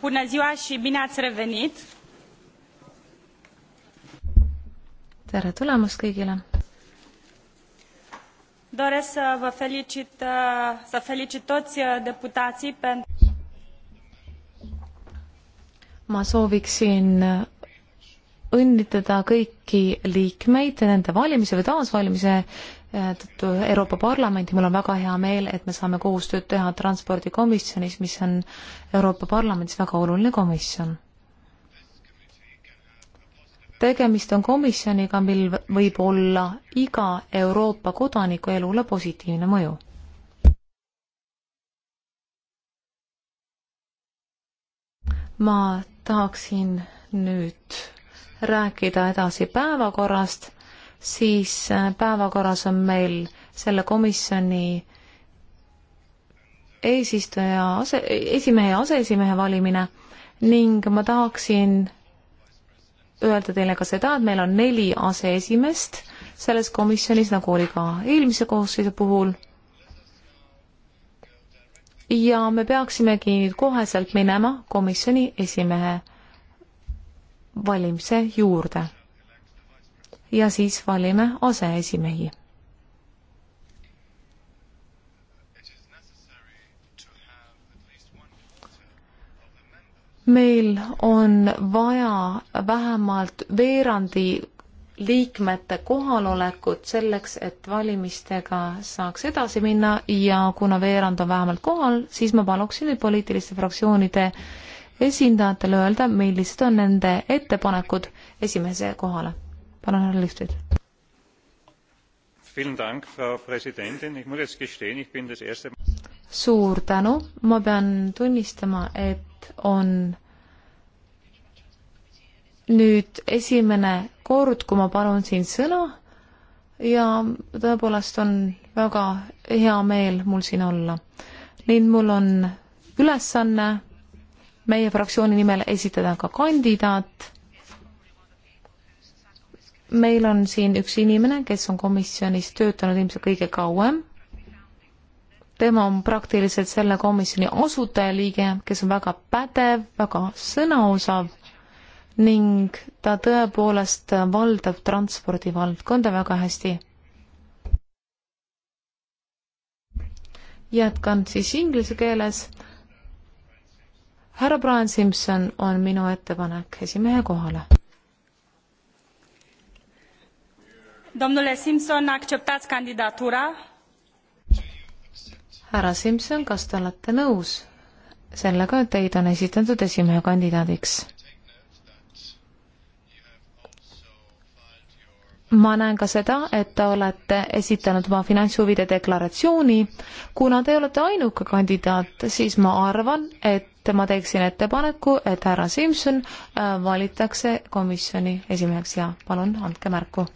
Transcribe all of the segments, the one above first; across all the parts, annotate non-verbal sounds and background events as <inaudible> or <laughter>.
Bună ziua și bine ați revenit! Tere tulemast kõigile! Doresc să vă felicit, uh, să felicit toți uh, deputații pentru... Ma sooviksin õnnitleda uh, kõiki liikmeid nende valimise või taasvalimise Äh, Euroopa Parlamenti, mul on väga hea meel, et me saame koostööd teha Transpordikomisjonis, mis on Euroopa Parlamendis väga oluline komisjon. tegemist on komisjoniga, mil võib olla iga Euroopa kodaniku elule positiivne mõju. ma tahaksin nüüd rääkida edasi päevakorrast siis äh, päevakorras on meil selle komisjoni eesistuja ase, esimehe ja aseesimehe valimine ning ma tahaksin öelda teile ka seda, et meil on neli aseesimeest selles komisjonis, nagu oli ka eelmise koosseisu puhul. ja me peaksimegi nüüd koheselt minema komisjoni esimehe valimise juurde ja siis valime aseesimehi. meil on vaja vähemalt veerandi liikmete kohalolekut selleks, et valimistega saaks edasi minna ja kuna veerand on vähemalt kohal, siis ma paluksin nüüd poliitiliste fraktsioonide esindajatele öelda, millised on nende ettepanekud esimese kohale palun, härra Lifted. suur tänu, ma pean tunnistama, et on nüüd esimene kord, kui ma palun siin sõna ja tõepoolest on väga hea meel mul siin olla. nii et mul on ülesanne meie fraktsiooni nimel esitada ka kandidaat meil on siin üks inimene, kes on komisjonis töötanud ilmselt kõige kauem. tema on praktiliselt selle komisjoni asutajaliige, kes on väga pädev, väga sõnaosav ning ta tõepoolest valdab transpordivaldkonda väga hästi. jätkan siis inglise keeles. härra Brian Simson on minu ettepanek esimehe kohale Domnule Simson, aktseptați kandidatura? härra Simson, kas te olete nõus sellega, et teid on esitatud esimehe kandidaadiks? ma näen ka seda, et te olete esitanud oma finantshuvide deklaratsiooni. kuna te olete ainuke kandidaat, siis ma arvan, et ma teeksin ettepaneku, et härra Simson äh, valitakse komisjoni esimeheks ja palun andke märku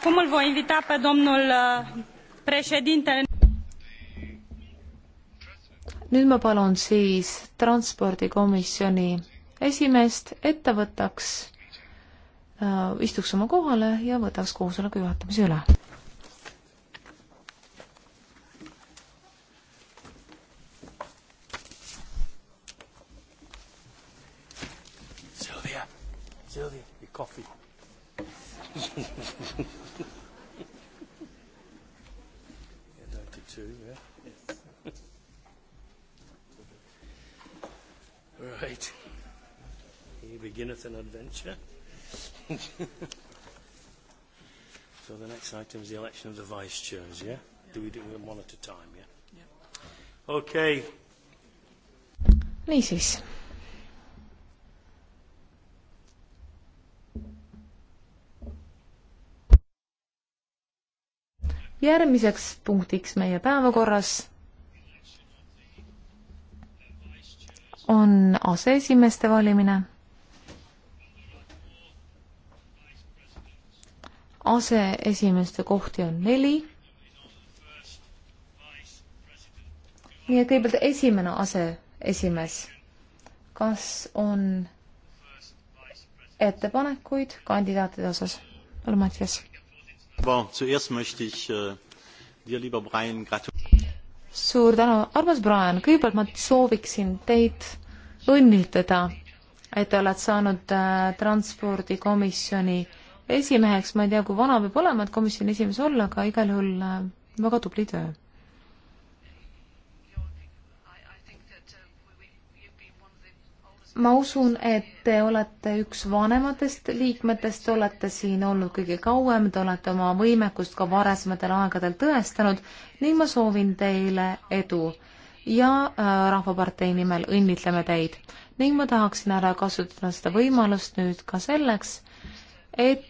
acum îl voi invita pe domnul uh, președintele. nüüd ma palun siis transpordikomisjoni esimeest, et ta võtaks, uh, istuks oma kohale ja võtaks koosoleku juhatamise üle. it's an adventure. <laughs> so the next item is the election of the vice chairs, yeah? yeah. Do we do them one at a time, yeah? yeah. Okay. niisiis. järgmiseks punktiks meie päevakorras on aseesimeeste valimine aseesimeeste kohti on neli. nii et kõigepealt esimene aseesimees. kas on ettepanekuid kandidaatide osas? palun, Mattias. Äh, suur tänu, armas Brian, kõigepealt ma sooviksin teid õnnitleda, et te olete saanud äh, transpordikomisjoni äh, esimeheks, ma ei tea, kui vana peab olema, et komisjoni esimees olla, aga igal juhul äh, väga tubli töö. ma usun, et te olete üks vanematest liikmetest, olete siin olnud kõige kauem, te olete oma võimekust ka varasematel aegadel tõestanud ning ma soovin teile edu ja äh, Rahvapartei nimel õnnitleme teid ning ma tahaksin ära kasutada seda võimalust nüüd ka selleks, et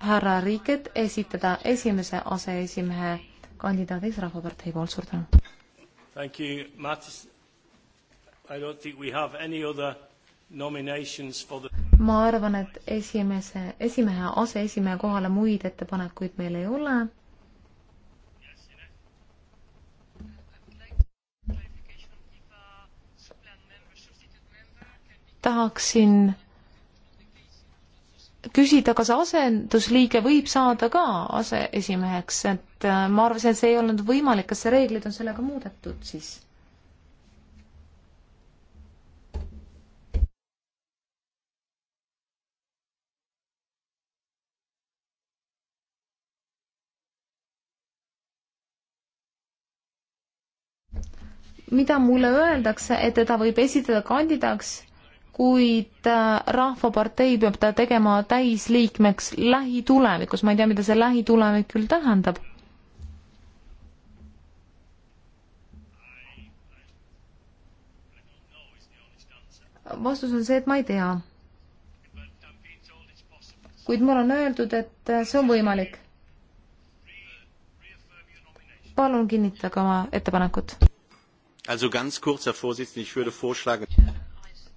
härra Riiket esitada esimese aseesimehe kandidaadiks Rahvapartei poolt, suur tänu. Thank you, Mats. I don't think we have any other nominations for the ma arvan, et esimese, esimehe, aseesimehe kohale muid ettepanekuid meil ei ole tahaksin küsida, kas asendusliige võib saada ka aseesimeheks, et äh, ma arvasin, et see ei olnud võimalik, kas see reeglid on sellega muudetud siis? mida mulle öeldakse, et teda võib esitada kandidaaks kuid äh, Rahvapartei peab ta tegema täisliikmeks lähitulevikus, ma ei tea, mida see lähitulevik küll tähendab. vastus on see, et ma ei tea. kuid mulle on öeldud, et äh, see on võimalik. palun kinnitage oma ettepanekut. Also ganz kurz, Herr Vorsitzender, ich würde vorschlagen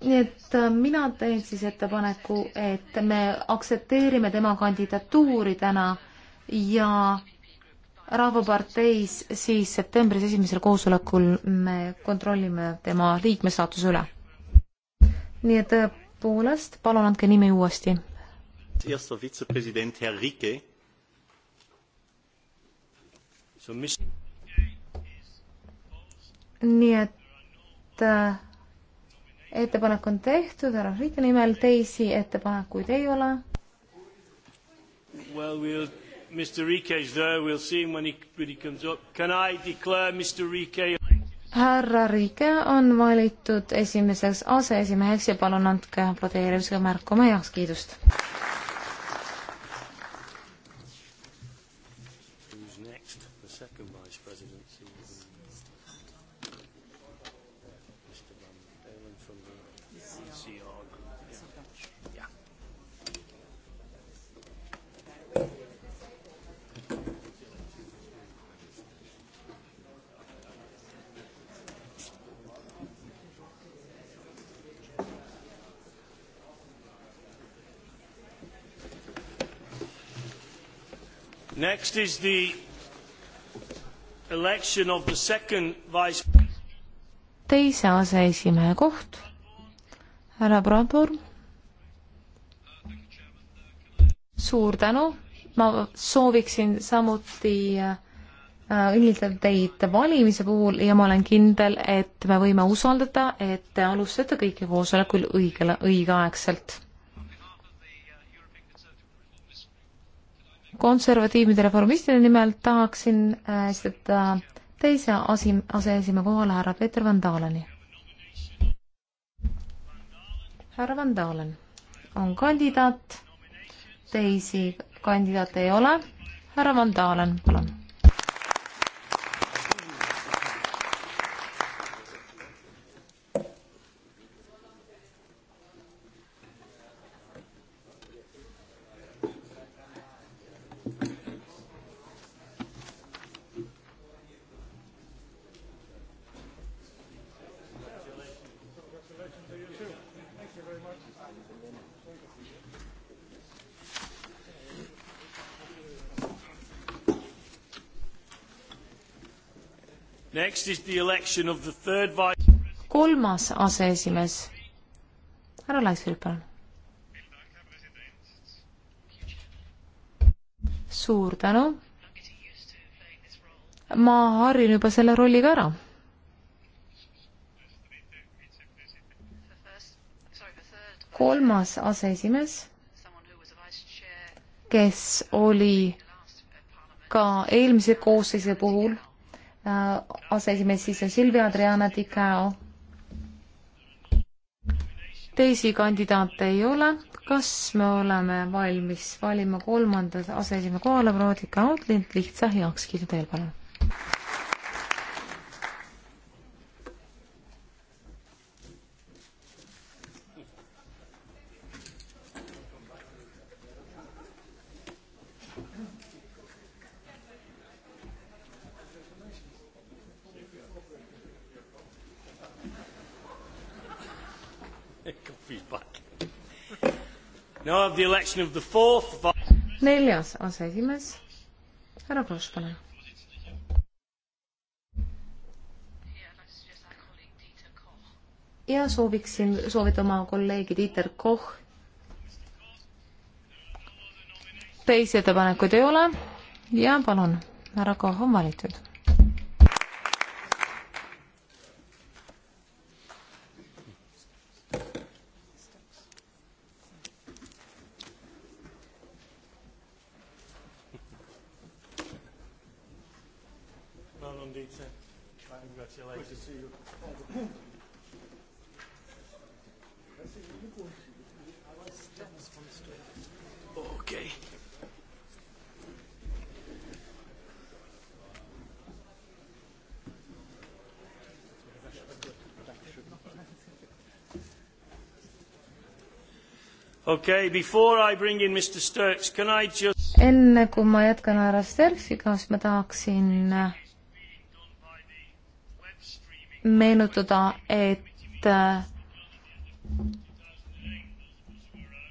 nii et äh, mina teen siis ettepaneku, et me aktsepteerime tema kandidatuuri täna ja Rahvaparteis siis septembris esimesel koosolekul me kontrollime tema liikmesaatuse üle. nii et tõepoolest, äh, palun andke nimi uuesti. Erster Vizepräsident Herr Rike. nii et äh, ettepanek on tehtud härra Friede nimel, teisi ettepanekuid ei ole. Well, we'll, Mr Rike is there, we'll see him when he, when he comes up. Can I declare Mr Rike? härra Rike on valitud esimeseks aseesimeheks ja palun andke aplodeerimisega märku oma heakskiidust. Who's next? The second vice presidency. see you all. Yeah. Next is the election of the second vice teise aseesimehe koht härra Bradburn. suur tänu, ma sooviksin samuti õnnitleda äh, teid valimise puhul ja ma olen kindel, et me võime usaldada, et te alustate kõiki koosolekul õigel, õigeaegselt konservatiivide reformistide nimel tahaksin äh, esitada teise asi, aseesimehe kohale härra Peeter Van Daleni härra Van Dalen on kandidaat, teisi kandidaate ei ole. härra Van Dalen, palun. Third... kolmas aseesimees, härra Laisvil, palun. suur tänu. ma harjun juba selle rolliga ära kolmas aseesimees, kes oli ka eelmise koosseisu puhul Äh, aseesimees siis on Silvia Adriana Ticao. teisi kandidaate ei ole. kas me oleme valmis valima kolmanda aseesimehe kohale, proua Ticao't, lihtsa heakskiidu teel, palun neljas aseesimees, härra Kross, palun. ja sooviksin soovida oma kolleegi Tiiter Koch. teisi ettepanekuid ei ole ja palun, härra Koch on valitud Okay, before I bring in Mr Sturks, can I just enne kui ma jätkan härra Sturksiga, siis ma tahaksin äh, meenutada, et äh,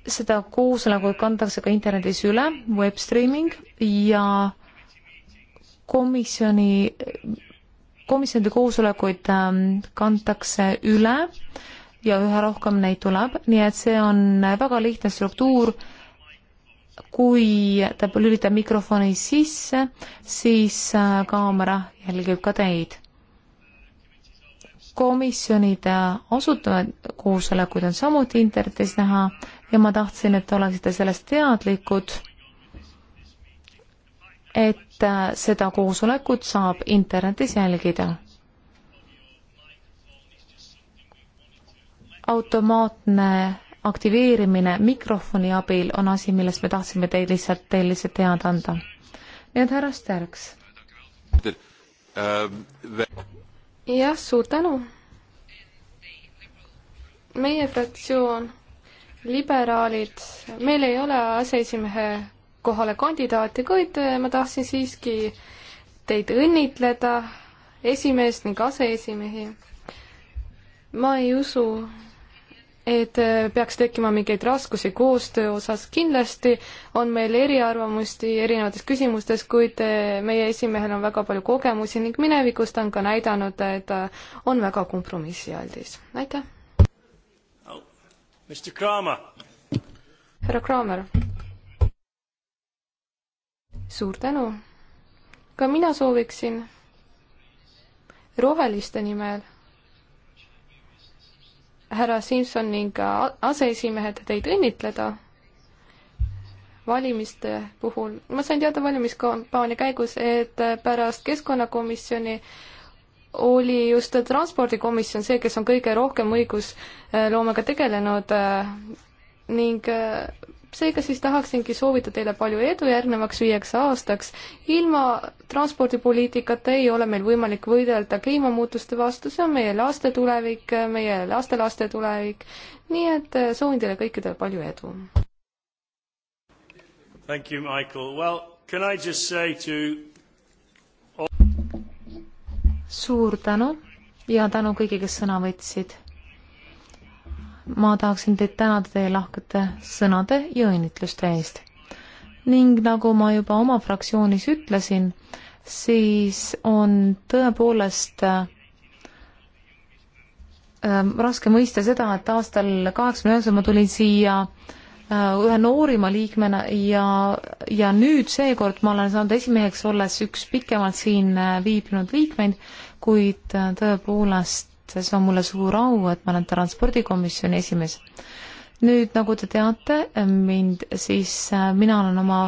seda koosolekut kantakse ka internetis üle, web streaming ja komisjoni, komisjonide koosolekuid ähm, kantakse üle äh, ja üha rohkem neid tuleb, nii et see on väga lihtne struktuur. kui ta lülitab mikrofoni sisse, siis äh, kaamera jälgib ka teid. komisjonide asutavad äh, koosolekuid on samuti internetis näha ja ma tahtsin, et oleksite sellest teadlikud, et äh, seda koosolekut saab internetis jälgida automaatne aktiveerimine mikrofoni abil on asi, millest me tahtsime teil lihtsalt, teil lihtsalt teada anda. nii et härra Sterks. jah, suur tänu. meie fraktsioon, liberaalid, meil ei ole aseesimehe kohale kandidaati, kuid ma tahtsin siiski teid õnnitleda, esimeest ning aseesimehi. ma ei usu, et äh, peaks tekkima mingeid raskusi koostöö osas. kindlasti on meil eriarvamusi erinevates küsimustes, kuid äh, meie esimehel on väga palju kogemusi ning minevikus ta on ka näidanud, äh, et ta on väga kompromissialdis. aitäh oh,! härra Kramer. suur tänu! ka mina sooviksin roheliste nimel härra Simson ning aseesimehed teid õnnitleda valimiste puhul. ma sain teada valimiskampaania käigus, et pärast keskkonnakomisjoni oli just transpordikomisjon see, kes on kõige rohkem õigusloomega tegelenud ning seega siis tahaksingi soovida teile palju edu järgnevaks viieks aastaks. ilma transpordipoliitikata ei ole meil võimalik võidelda kliimamuutuste vastu, see on meie laste tulevik, meie lastelaste tulevik. nii et eh, soovin teile kõikidele palju edu. Thank you, Michael. Well, can I just say to all... suur tänu ja tänu kõigi, kes sõna võtsid ma tahaksin teid tänada teie lahkete sõnade ja õnnitluste eest. ning nagu ma juba oma fraktsioonis ütlesin, siis on tõepoolest ähm, raske mõista seda, et aastal kaheksakümne üheksa ma tulin siia äh, ühe noorima liikmena ja, ja nüüd seekord ma olen saanud esimeheks, olles üks pikemalt siin äh, viibinud liikmeid, kuid äh, tõepoolest selles on mulle suur au, et ma olen transpordikomisjoni esimees. nüüd, nagu te teate mind, siis äh, mina olen oma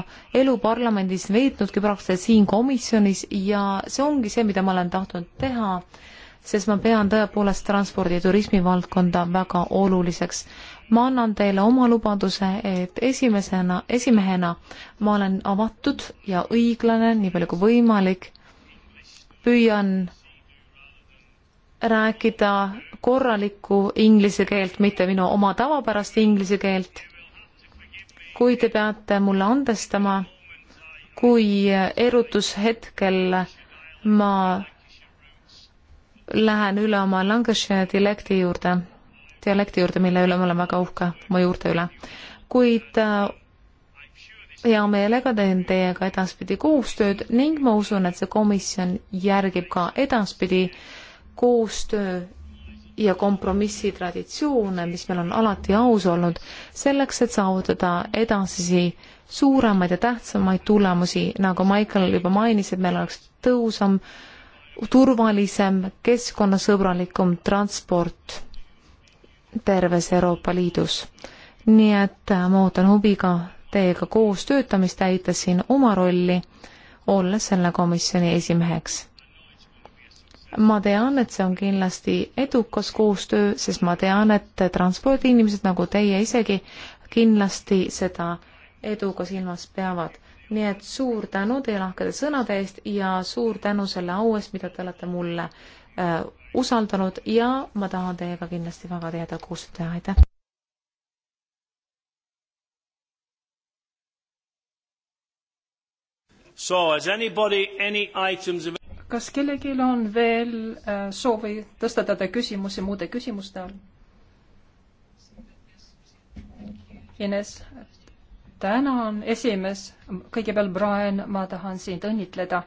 elu parlamendis veetnudki praktiliselt siin komisjonis ja see ongi see, mida ma olen tahtnud teha, sest ma pean tõepoolest transpordi ja turismi valdkonda väga oluliseks ma annan teile oma lubaduse, et esimesena, esimehena ma olen avatud ja õiglane, nii palju kui võimalik. püüan rääkida korralikku inglise keelt, mitte minu oma tavapärast inglise keelt. kui te peate mulle andestama, kui erutushetkel ma lähen üle oma Lancashire dialekti juurde, dialekti juurde, mille üle ma olen väga uhke, oma juurte üle. kuid äh, hea meelega teen teiega edaspidi koostööd ning ma usun, et see komisjon järgib ka edaspidi äh, koostöö ja kompromissi traditsioone, mis meil on alati aus olnud, selleks, et saavutada edasisi suuremaid ja tähtsamaid tulemusi, nagu Michael juba mainis, et meil oleks tõhusam, turvalisem, keskkonnasõbralikum transport terves Euroopa Liidus. nii et äh, ma ootan huviga teiega koos töötamist, täites siin oma rolli, olles selle komisjoni esimeheks ma tean, et see on kindlasti edukas koostöö, sest ma tean, et transpordiinimesed nagu teie isegi kindlasti seda edu ka silmas peavad. nii et suur tänu teie lahkede sõnade eest ja suur tänu selle au eest, mida te olete mulle äh, usaldanud ja ma tahan teiega kindlasti väga tihedat koostööd teha, aitäh! So has anybody any items of kas kellelgi on veel äh, soovi tõstatada küsimusi muude küsimuste all? Ines, tänan, esimees. kõigepealt, Brian, ma tahan sind õnnitleda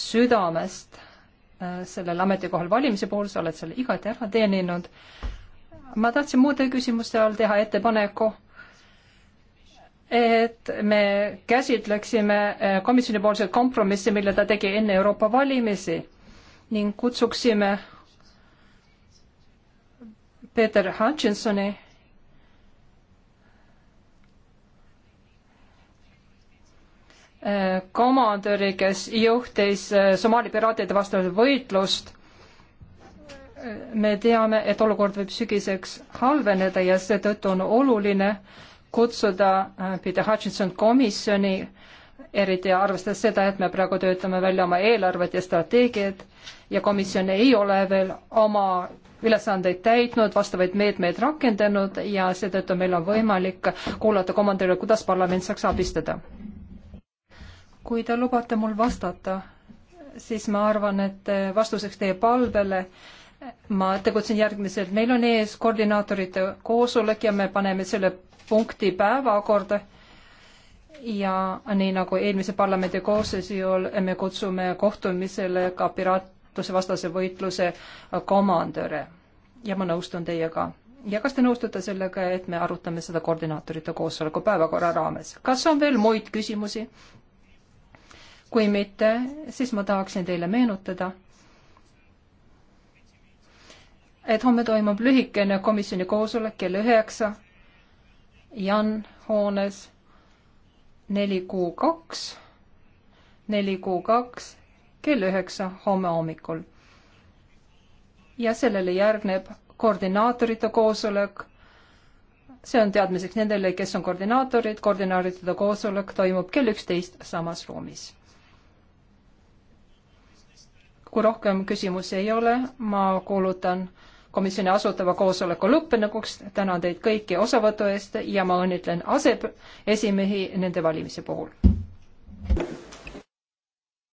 südamest äh, sellel ametikohal valimise puhul, sa oled selle igati ära teeninud. ma tahtsin muude küsimuste all teha ettepaneku et me käsitleksime eh, komisjonipoolset kompromissi, mille ta tegi enne Euroopa valimisi ning kutsuksime Peter Hutchinsoni eh, komandöri, kes juhtis eh, Somaali piraatide vastast võitlust. me teame, et olukord võib sügiseks halveneda ja seetõttu on oluline äh, kutsuda äh, Peter Hutchinson komisjoni, eriti arvestades seda, et me praegu töötame välja oma eelarvet ja strateegiat ja komisjon ei ole veel oma ülesandeid täitnud, vastavaid meetmeid rakendanud ja seetõttu meil on võimalik kuulata komandörile, kuidas parlament saaks abistada. kui te lubate mul vastata, siis ma arvan, et vastuseks teie palvele ma tegutsen järgmiselt, meil on ees koordinaatorite koosolek ja me paneme selle punkti päevakorda ja nii nagu eelmise parlamendi koosseisul me kutsume kohtumisele ka piraatlusevastase võitluse komandöre ja ma nõustun teiega. ja kas te nõustute sellega, et me arutame seda koordinaatorite koosoleku päevakorra raames? kas on veel muid küsimusi? kui mitte, siis ma tahaksin teile meenutada, et homme toimub lühikene komisjoni koosolek kell üheksa Jan hoones neli kuu kaks, neli kuu kaks kell üheksa homme hommikul. ja sellele järgneb koordinaatorite koosolek. see on teadmiseks nendele, kes on koordinaatorid, koordinaatorite koosolek toimub kell üksteist samas ruumis. kui rohkem küsimusi ei ole, ma kuulutan komisjoni asutava koosoleku lõppenuks. tänan teid kõiki osavõtu eest ja ma õnnitlen aseesimehi nende valimise puhul.